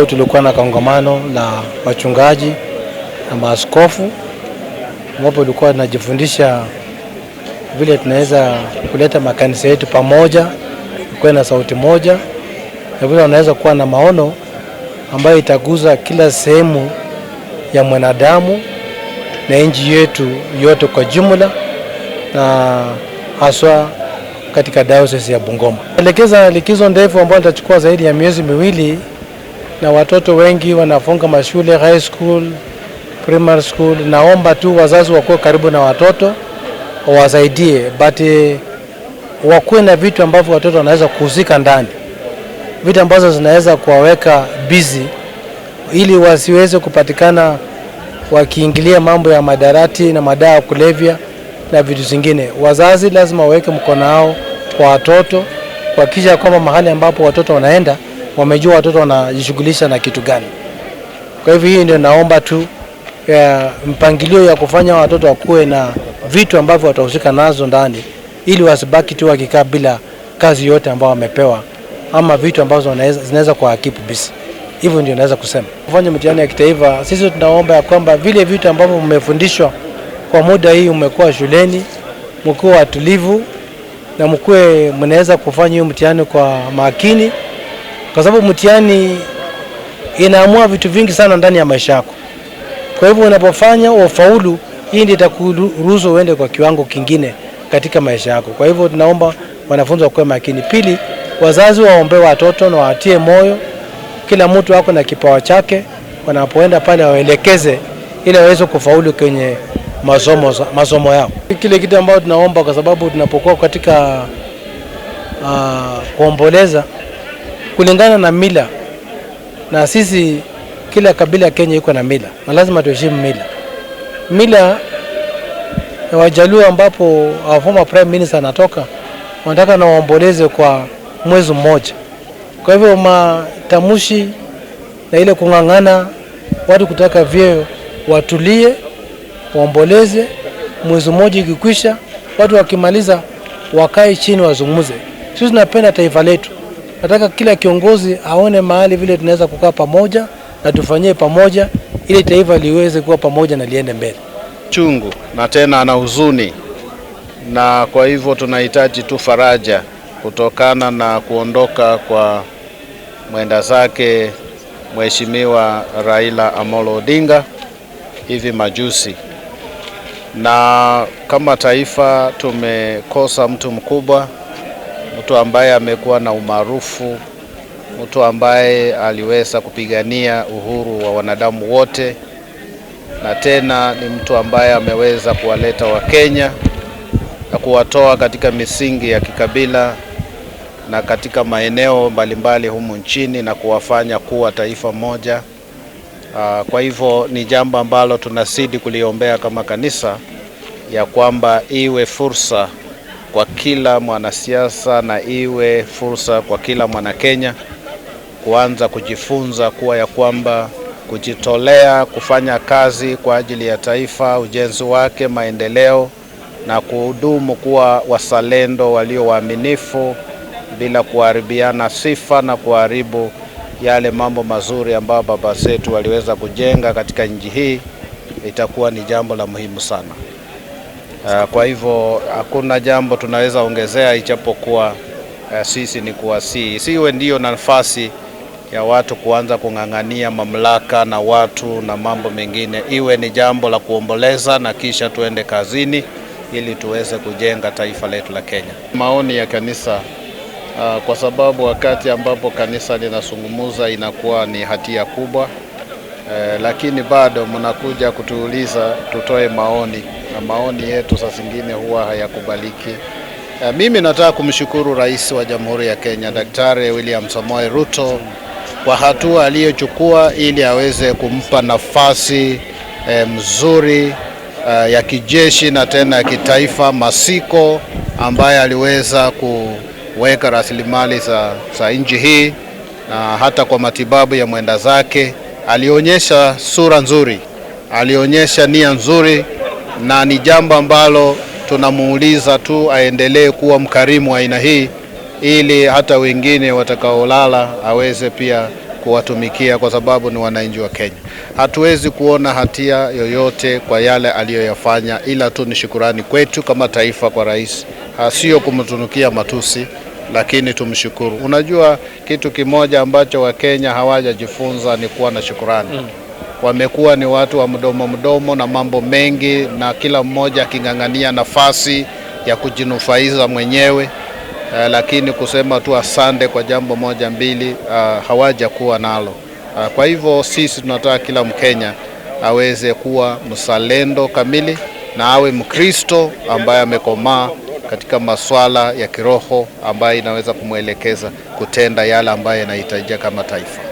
Leo tulikuwa na kongamano la wachungaji na maaskofu ambapo tulikuwa tunajifundisha vile tunaweza kuleta makanisa yetu pamoja kuwe na sauti moja, na vile wanaweza kuwa na maono ambayo itaguza kila sehemu ya mwanadamu na nchi yetu yote kwa jumla, na haswa katika diocese ya Bungoma. Elekeza likizo ndefu ambayo litachukua zaidi ya miezi miwili na watoto wengi wanafunga mashule high school, primary school. Naomba tu wazazi wakuwe karibu na watoto wawasaidie, but eh, wakuwe na vitu ambavyo watoto wanaweza kuhusika ndani, vitu ambazo zinaweza kuwaweka busy ili wasiweze kupatikana wakiingilia mambo ya madarati na madawa ya kulevya na vitu zingine. Wazazi lazima waweke mkono wao kwa watoto kuhakikisha kwamba mahali ambapo watoto wanaenda wamejua watoto wanajishughulisha na kitu gani. Kwa hivyo hii ndio naomba tu ya mpangilio ya kufanya watoto wakuwe na vitu ambavyo watahusika nazo ndani, ili wasibaki tu wakikaa bila kazi yote ambayo wamepewa ama vitu ambazo zinaweza kuwakipu bisi. Hivyo ndio naweza kusema kufanya mtihani ya kitaifa. Sisi tunaomba ya kwamba vile vitu ambavyo mmefundishwa kwa muda hii umekuwa shuleni, mkuwe watulivu na mkuwe mnaweza kufanya hiyo mtihani kwa makini kwa sababu mtihani inaamua vitu vingi sana ndani ya maisha yako. Kwa hivyo unapofanya ufaulu, hii ndio itakuruhusu uende kwa kiwango kingine katika maisha yako. Kwa hivyo tunaomba wanafunzi wakuwe makini. Pili, wazazi waombee watoto na watie moyo. Kila mtu ako na kipawa chake, wanapoenda pale waelekeze ili waweze kufaulu kwenye masomo, masomo yao. Kile kitu ambacho tunaomba kwa sababu tunapokuwa katika uh, kuomboleza kulingana na mila, na sisi kila kabila ya Kenya iko na mila na lazima tuheshimu mila. Mila ya Wajaluo ambapo our former prime minister anatoka, wanataka na waomboleze kwa mwezi mmoja. Kwa hivyo matamushi na ile kung'ang'ana watu kutaka vyeo, watulie waomboleze, mwezi mmoja ikikwisha, watu wakimaliza wakae chini wazungumze. Sisi tunapenda taifa letu, Nataka kila kiongozi aone mahali vile tunaweza kukaa pamoja na tufanyie pamoja ili taifa liweze kuwa pamoja na liende mbele. Chungu na tena ana huzuni, na kwa hivyo tunahitaji tu faraja kutokana na kuondoka kwa mwenda zake Mheshimiwa Raila Amolo Odinga hivi majuzi, na kama taifa tumekosa mtu mkubwa mtu ambaye amekuwa na umaarufu, mtu ambaye aliweza kupigania uhuru wa wanadamu wote, na tena ni mtu ambaye ameweza kuwaleta Wakenya na kuwatoa katika misingi ya kikabila na katika maeneo mbalimbali humu nchini na kuwafanya kuwa taifa moja. Ah, kwa hivyo ni jambo ambalo tunasidi kuliombea kama kanisa ya kwamba iwe fursa kwa kila mwanasiasa na iwe fursa kwa kila Mwanakenya kuanza kujifunza kuwa ya kwamba kujitolea kufanya kazi kwa ajili ya taifa, ujenzi wake, maendeleo na kuhudumu kuwa wazalendo walio waaminifu bila kuharibiana sifa na kuharibu yale mambo mazuri ambayo baba zetu waliweza kujenga katika nchi hii itakuwa ni jambo la muhimu sana. Eh, kwa hivyo hakuna jambo tunaweza ongezea ichapokuwa uh, eh, sisi ni kuwasii siwe ndiyo nafasi ya watu kuanza kung'ang'ania mamlaka na watu na mambo mengine, iwe ni jambo la kuomboleza na kisha tuende kazini ili tuweze kujenga taifa letu la Kenya. Maoni ya kanisa uh, kwa sababu wakati ambapo kanisa linazungumza inakuwa ni hatia kubwa uh, lakini bado mnakuja kutuuliza tutoe maoni na maoni yetu saa zingine huwa hayakubaliki. Eh, mimi nataka kumshukuru Rais wa Jamhuri ya Kenya Daktari William Samoei Ruto kwa hatua aliyochukua ili aweze kumpa nafasi eh, mzuri eh, ya kijeshi na tena ya kitaifa Masiko ambaye aliweza kuweka rasilimali za, za nchi hii na hata kwa matibabu ya mwenda zake alionyesha sura nzuri, alionyesha nia nzuri na ni jambo ambalo tunamuuliza tu aendelee kuwa mkarimu aina hii, ili hata wengine watakaolala aweze pia kuwatumikia, kwa sababu ni wananchi wa Kenya. Hatuwezi kuona hatia yoyote kwa yale aliyoyafanya, ila tu ni shukurani kwetu kama taifa kwa rais, sio kumtunukia matusi lakini tumshukuru. Unajua, kitu kimoja ambacho Wakenya hawajajifunza ni kuwa na shukurani mm wamekuwa ni watu wa mdomo mdomo na mambo mengi, na kila mmoja aking'ang'ania nafasi ya kujinufaiza mwenyewe. Uh, lakini kusema tu asante kwa jambo moja mbili, uh, hawajakuwa nalo. Uh, kwa hivyo sisi tunataka kila Mkenya aweze kuwa msalendo kamili na awe Mkristo ambaye amekomaa katika maswala ya kiroho ambayo inaweza kumwelekeza kutenda yale ambayo yanahitajika kama taifa.